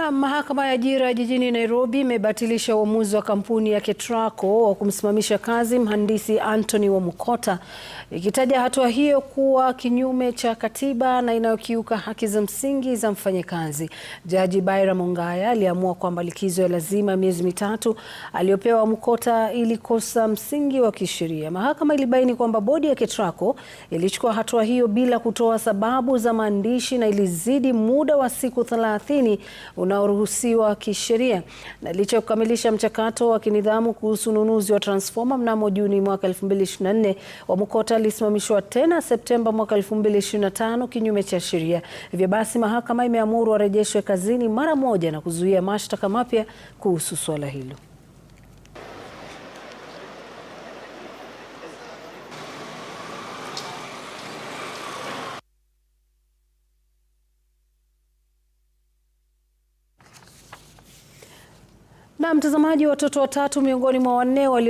Na mahakama ya ajira jijini Nairobi imebatilisha uamuzi wa kampuni ya KETRACO wa kumsimamisha kazi mhandisi Anthony Wamukota ikitaja hatua hiyo kuwa kinyume cha katiba na inayokiuka haki za msingi za mfanyakazi. Jaji Baira Mongaya aliamua kwamba likizo ya lazima miezi mitatu aliyopewa Wamukota ilikosa msingi wa kisheria. Mahakama ilibaini kwamba bodi ya KETRACO ilichukua hatua hiyo bila kutoa sababu za maandishi na ilizidi muda wa siku 30 unaoruhusiwa kisheria. Na licha ya kukamilisha mchakato wa kinidhamu kuhusu ununuzi wa transfoma mnamo Juni mwaka 2024, Wamukota alisimamishwa tena Septemba mwaka 2025 kinyume cha sheria. Hivyo basi, mahakama imeamuru arejeshwe kazini mara moja na kuzuia mashtaka mapya kuhusu suala hilo. Na mtazamaji, watoto watatu miongoni mwa wanne walio